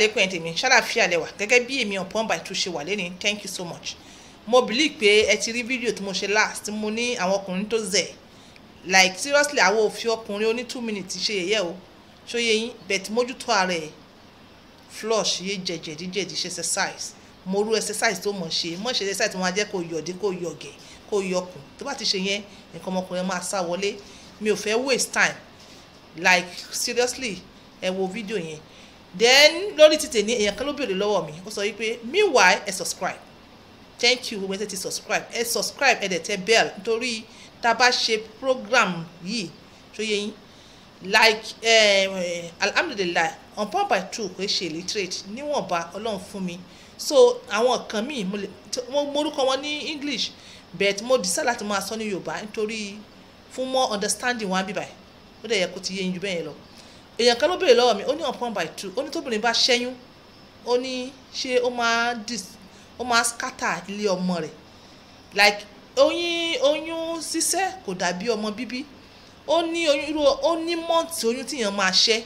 lẹ́kùn ẹ̀ tèmi ṣàlàfíà lẹ́wà gẹ́gẹ́ bí èmi on Pọ́ǹbà Ìtù ṣe wà lẹ́ni thank you so much mo believe pé ẹ ti rí fídíò tí mo ṣe last tí mo ní àwọn ọkùnrin tó zẹ̀ like seriously àwọn òfin ọkùnrin oní two minutes ṣe yẹ̀yẹ́ o ṣó yẹ yín bet mójútó ara flush yé jẹ̀jẹ̀díjẹ̀dí ṣe exercise mo rú exercise tó mọ̀ ṣe mọ̀ ṣe exercise tó máa jẹ́ kó yọ̀dí kó yọ̀gẹ̀ kó yọkùn tó bá ti ṣe yẹn nǹkan ọmọkùnrin máa sá wọlé mi ò fẹ́ waste time like seriously ẹ wo fídíò yẹn then lórí títè ní èèyàn kan ló béèrè lọ́wọ́ mi ó sọ wípé meanwhile ẹ subscribe thank you gbogbo ẹ ti subscribe ẹ subscribe ẹ dẹ̀ tẹ bell nítorí tá a bá ṣe program yìí tó yẹ yín like eh, eh, alhamdulilayi on point by two kò ṣe illiterate níwọ̀nba ọlọ́run fún mi so àwọn kan míì mo morúkọ wọn ní english but mo decide láti máa sọ ní yorùbá nítorí fún more understanding wọn bíbáyìí ó dẹ̀ yẹ kó ti yé yín jù bẹ́ẹ̀ yẹn lọ èèyàn kan ló béèrè lọ́wọ́ mi ó ní upon by two ó ní tóbìnrin bá ṣẹ́yún ó ní ṣé ó máa dis ó máa scatter ilé ọmọ rẹ̀ like oyún oyún ṣíṣẹ́ kò dàbí ọmọ bíbí ó ní oyún irú ó ní mọ́ǹtì oyún tíyàn máa ṣẹ́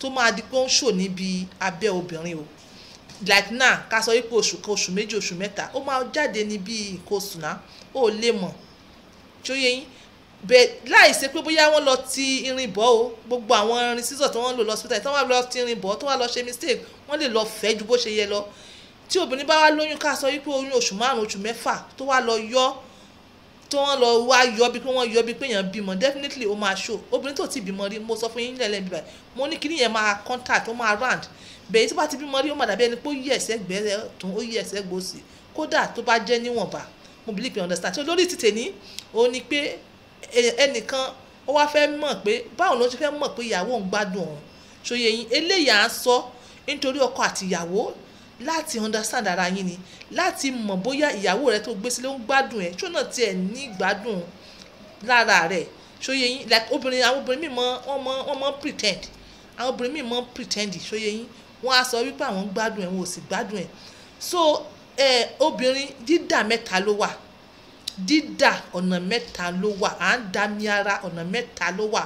tó máa di pé ó ń ṣò níbi abẹ́ obìnrin o like now ká sọ wípé oṣù kan oṣù méjì oṣù mẹ́ta ó máa jáde ní nǹkan oṣù náà ó lè mọ̀ tí ó yẹ yín bẹ́ẹ̀ láì ṣe pé bóyá wọ́n lọ ti irin bọ́ o gbogbo àwọn irin sísọ tí wọ́n lò lọ hospital tí wọ́n lọ ti irin bọ́ tó wà lọ ṣe mistake wọ́n lè lọ fẹ́ ju bó ṣe yẹ lọ tí obìnrin bá wá lóyún ká sọ wípé oyún oṣù márùn oṣù mẹ́fà tó wá lọ yọ tó wọ́n lọ wá yọ bí pé wọ́n yọ bí pé èèyàn bímọ definitely ó máa ṣó obìnrin tó ti bímọ rí mo sọ fún yín lẹ́lẹ́ bíbá mo ní kíní yẹn máa contact ó máa round bẹ́ẹ̀ tó bá ti bímọ rí ó máa dàbí ẹni pé ó yí ẹ̀sẹ̀ gbẹ́rẹ́ tó ó yí ẹ̀sẹ̀ gbòsì kódà tó bá jẹ́ níwọ̀nba mo believe you understand so lórí ti tèmi òun ni pé ẹnìkan ó wá fẹ́ mọ̀ pé báwo ló ṣe fẹ́ mọ̀ pé ìyàwó ń gbádùn òun ṣòye yín eléyà á sọ nítorí ọkọ àti ìyàwó láti understand ara yín ni láti mọ̀ bóyá ìyàwó rẹ tó gbé sílé ń gbádùn ẹ̀ ṣó náà tiẹ̀ ní ìgbádùn lára rẹ̀ ṣòye yín like obìnrin àwọn obìnrin míì mọ wọn mọ wọn mọ pretend àwọn obìnrin míì mọ pretend ṣòye yín wọn á sọ wípé àwọn gbádùn ẹ̀ wọn ò sì gbádùn ẹ̀ so eh, obìnrin dídà mẹ́ta ló wà dídà ọ̀nà mẹ́ta ló wà à ń dami ara ọ̀nà mẹ́ta ló wà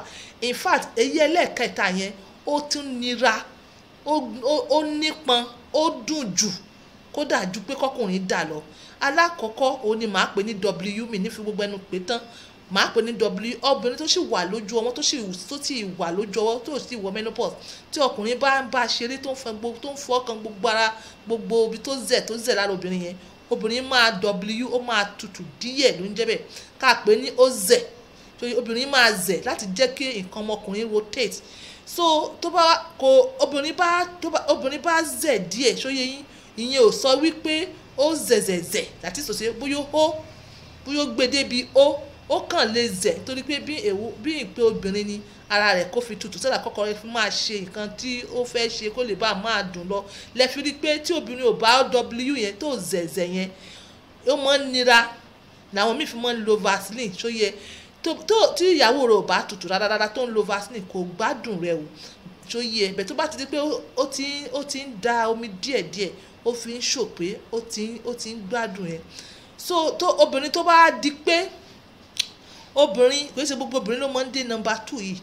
in fact èyí ẹlẹ́ẹ̀kẹta yẹn ó tún nira ó nípọn ó dùn jù kódà ju pé kọkùnrin dà lọ alákọ̀ọ́kọ́ òun ni màá pè ní w mi ní fi gbogbo ẹnu pé tán màá pè ní w obìnrin tó sì wà lójú ọwọ́ tó sì tó sì wà lójú ọwọ́ tó sì wọ menopause tí ọkùnrin bá ń bá ṣeré tó ń fọ ọkàn gbogbo ara gbogbo ibi tó zẹ̀ tó zẹ̀ lára obìnrin yẹn obìnrin máa w ó máa tutù díẹ̀ ló ń jẹ́ bẹ́ẹ̀ ká pè ní oze tó obìnrin máa zẹ̀ láti jẹ́ kí nǹkan ọmọkùnrin rotate so tó bá kò obìnrin bá tó bá obìnrin bá zẹ̀ díẹ̀ ṣóyè yín ìyẹn ò sọ wípé ó zẹ̀zẹ̀zẹ̀ that is to say bóyá ó bóyá ó gbé débi ó ó kàn lè zẹ̀ torí pé bí èwo bí ìpè obìnrin ni ara rẹ̀ kó fi tutù sọ́dà kọ́kọ́ rẹ̀ fi máa ṣe nǹkan tí ó fẹ́ ṣe kó lè bá a máa dùn lọ lẹ́fi rí i pé tí obìnrin ò bá w yẹn tó zẹ̀zẹ̀ yẹn ó máa ń nira làwọn míì fi máa ń lo vaseline tó yẹ tó tí ìyàwó rẹ̀ ò bá tutù rárá tó ń lo vaseline kò gbádùn rẹ̀ o tó yẹ bẹ̀ tó bá ti di pé ó ti ó ti ń da omi díẹ̀díẹ̀ ó fi ń ṣòpé ó ti ó ti ń gbádùn yẹn so tó obìnrin tó bá di pé obìnrin kò í ṣe gbogbo obìnrin ló máa ń dé nọ́mbà two yìí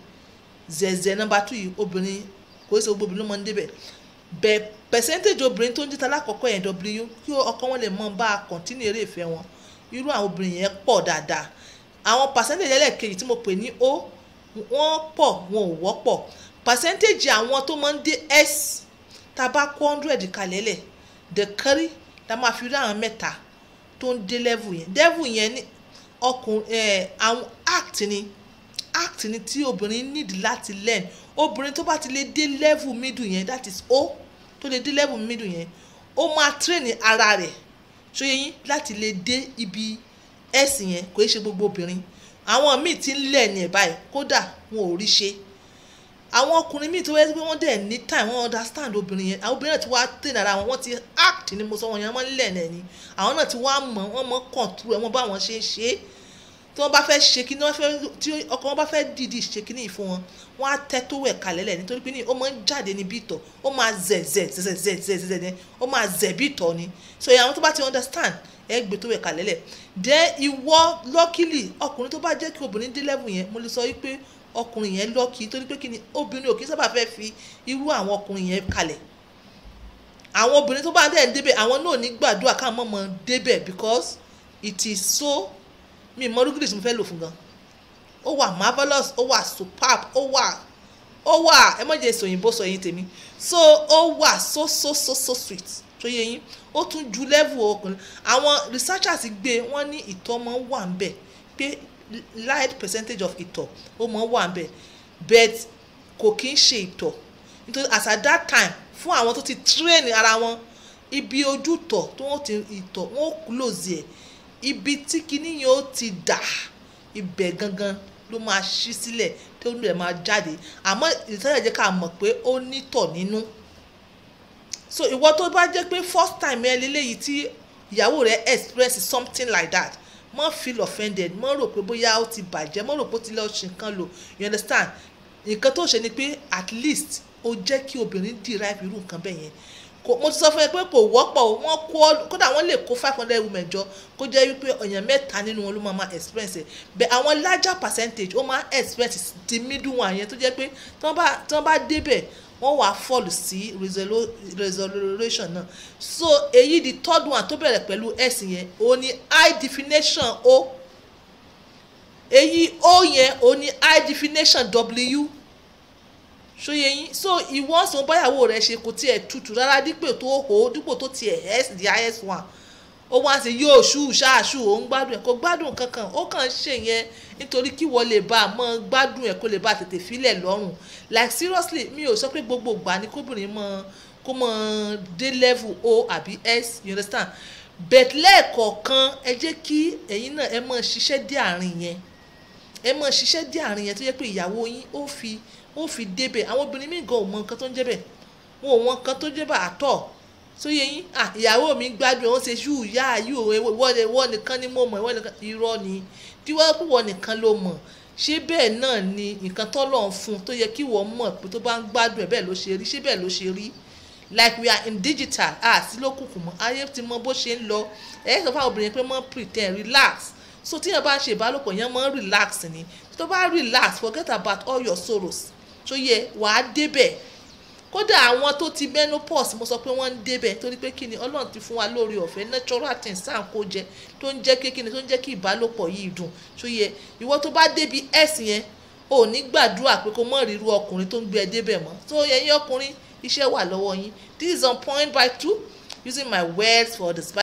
zẹ̀zẹ̀ nọ́mbà two yìí obìnrin kò í ṣe gbogbo obìnrin ló máa ń dé bẹ̀ bẹ̀ percentage obìnrin tó ń jẹ́ta lákọ̀ọ́kọ́ yẹn w kí ọkọ wọn lè mọ bá a continue eré ìfẹ́ wọn irú àwọn obìnrin yẹn pọ̀ dáadáa àwọn percentage ẹlẹ́ẹ̀kejì tí mo pè ní o wọ́n pọ̀ wọn ò wọ́pọ̀ percentage àwọn tó máa ń dé s tá a bá kó hundred kalẹ̀lẹ̀ the curry la máa fi rí àwọn mẹ́ta tó ń dé level yẹn level yẹn ọkùnrin àwọn act ni act ni tí obìnrin need láti learn obìnrin tó bá ti lè dé level middle yẹn that is o tó lè dé level middle yẹn ó máa train ara rẹ̀ ṣóyẹ yín láti lè dé ibi ẹ̀sìn yẹn kò í ṣe gbogbo obìnrin àwọn míì ti ń lẹ̀ ní ẹ̀ báyìí kódà wọn ò rí ṣe àwọn ọkùnrin míì tó wẹ́ pé wọ́n dẹ̀ ní time wọ́n understand obìnrin yẹn àwọn obìnrin náà ti wá train ara wọn wọ́n ti act ni mo sọ wọn yẹn wọ́n lẹ̀ nẹ̀ ni àwọn náà ti wá mọ̀ wọ́n mọ̀ control ẹ̀ wọ́n bá wọn ṣe é ṣe é tí wọ́n bá fẹ́ ṣe kí tí ọkọ wọn bá fẹ́ dìdí ṣe kí nìyí fún wọn wọ́n á tẹ́ tó wẹ̀ kalẹ̀ lẹ̀ nítorí pé ó máa ń jáde ní bìtọ̀ ó máa zẹ̀ zẹ̀ zẹ̀ zẹ̀ zẹ̀ zẹ̀ ó máa zẹ̀ bìtọ̀ ni so àwọn tó bá ti understand ẹ gbé tó wẹ̀ kàlẹ́lẹ̀ then ìwọ lọ́kìlì ọkùnrin tó bá jẹ́ kí obìnrin dé level yẹn mo lè sọ wípé ọkùnrin yẹn lọ́kì torí pé kí ni obìnrin ò kí sábà fẹ́ fi irú àwọn ọkùnrin yẹn kalẹ̀ àwọn obìnrin tó bá dẹ̀ débẹ̀ àwọn náà ní gbàdúrà ká mọ̀mọ́ débẹ̀ because it is so mi mọ́ rúgìrì tí mo fẹ́ lò fún gan ó wà marvelous ó wà superb ó wà ó wà ẹ mọ̀ jẹ́ sòyìnbó sọ yín tèmi so ó wà so so so so sweet tó yẹ yín ó tún ju level ọkùnrin àwọn researchers gbé wọ́n ní ìtọ̀ máa ń wà ń bẹ̀ pé large percentage of ìtọ̀ ó máa ń wà ń bẹ̀ but kò kí ń ṣe ìtọ̀ nítorí as at that time fún àwọn tó ti train ara wọn ibi ojú tọ̀ tó wọ́n ti ìtọ̀ wọ́n close ẹ̀ ibi tí kinní yẹn ó ti dà ibẹ̀ gangan ló máa ṣí sílẹ̀ tó ń lè máa jáde àmọ́ ìtọ́jà jẹ́ ká mọ̀ pé ó nítọ̀ nínú. No? so ìwọ tó bá jẹ́ pé first time ẹ lélẹ́yìí tí ìyàwó rẹ express something like that mọ́ feel offended mọ́ rò pé bóyá ó ti bàjẹ́ mọ́ rò pé ó ti lọ ṣe nǹkan lò you understand nǹkan tó ṣe ni pé at least ó jẹ́ kí obìnrin derive irú nǹkan bẹ́ẹ̀ yẹn mo ti sọ fún ẹ pé kò wọ́pọ̀ wọ́n kó kódà wọ́n lè kó five hundred women jọ kó jẹ́ wípé ọ̀yàn mẹ́ta nínú wọn ló máa ma experience ẹ̀ bẹ́ẹ̀ àwọn larger percentage ó máa experience ti middle one yẹn tó jẹ́ pé tí wọ́n bá débẹ̀ wọ́n wà fall sí resolution náà so èyí di third one tó bẹ̀rẹ̀ pẹ̀lú s yẹn òun ni high definition o èyí o yẹn òun ni high definition w ṣòye yín so ìwọ sọ báyàwó rẹ ṣe kò tiẹ̀ tutù rárá dípò tó hó dípò tó tiẹ̀ s the highest one ó wá sí yóò ṣú ṣáàṣù ó ń gbádùn ẹ̀ kó gbádùn kankan ó kàn ń ṣe yẹn nítorí kí wọ́n lè bá a mọ́ gbádùn ẹ̀ kó lè bá a tètè filẹ̀ lọ́rùn like seriously mi ò sọ pé gbogbo ìgbà ni kóbìnrin mọ́ kó mọ́ dé level o àbí s you understand but lẹ́ẹ̀kọ̀ọ̀kan ẹ jẹ́ kí ẹ̀yin náà ẹ mọ́ ṣiṣẹ́ dé àárín yẹn ẹ mọ́ ṣiṣẹ́ dé àárín yẹn tó yẹ pé ìyàwó yín ó fi ó fi débẹ̀ àwọn obìnrin míì gan ò mọ nǹkan tó ń jẹ́ bẹ̀ wọn ò mọ nǹkan tó jẹ́ bẹ̀ àtọ̀ tó yẹ yín ìyàwó mi gbádùn ó ṣe yú ìyá yú ìwọ nìkan ni mo mọ̀ ìwọ nìkan irọ́ ni tí wọ́n pọ̀ nìkan ló mọ̀ ṣé bẹ́ẹ̀ náà ni nǹkan tọ́lọ̀ ń fún tó yẹ kí wọ́n mọ̀ pé tó bá ń gbádùn ẹ̀ bẹ́ẹ̀ ló ṣe rí ṣé bẹ́ẹ̀ ló ṣe rí like we are in digital ah sí lókùnkùn mọ́ ayé ti mọ bó ṣe ń lọ ẹ̀ sọ fáwọn obìnrin pé mọ́ pretend relax so tíyẹn bá ń ṣe ìbálòpọ̀ yẹn mọ́ relax ni tó bá relax forget about all your sorrows tó yẹ wàá débẹ̀ kódà àwọn tó ti menopause mo sọ pé wọ́n ń débẹ̀ torí pé kí ni ọlọ́run ti fún wa lórí ọ̀fẹ́ natural things tá à ń kó jẹ tó ń jẹ́ kékeré tó ń jẹ́ kí ìbálòpọ̀ yìí dùn tó yẹ ìwọ tó bá débi s yẹn ò ní gbàdúrà pé kó mọ̀ ríru ọkùnrin tó ń gbé ẹ débẹ̀ mọ́ tó yẹ yín ọkùnrin iṣẹ́ wà lọ́wọ́ yín this is on point by two using my words for the spice.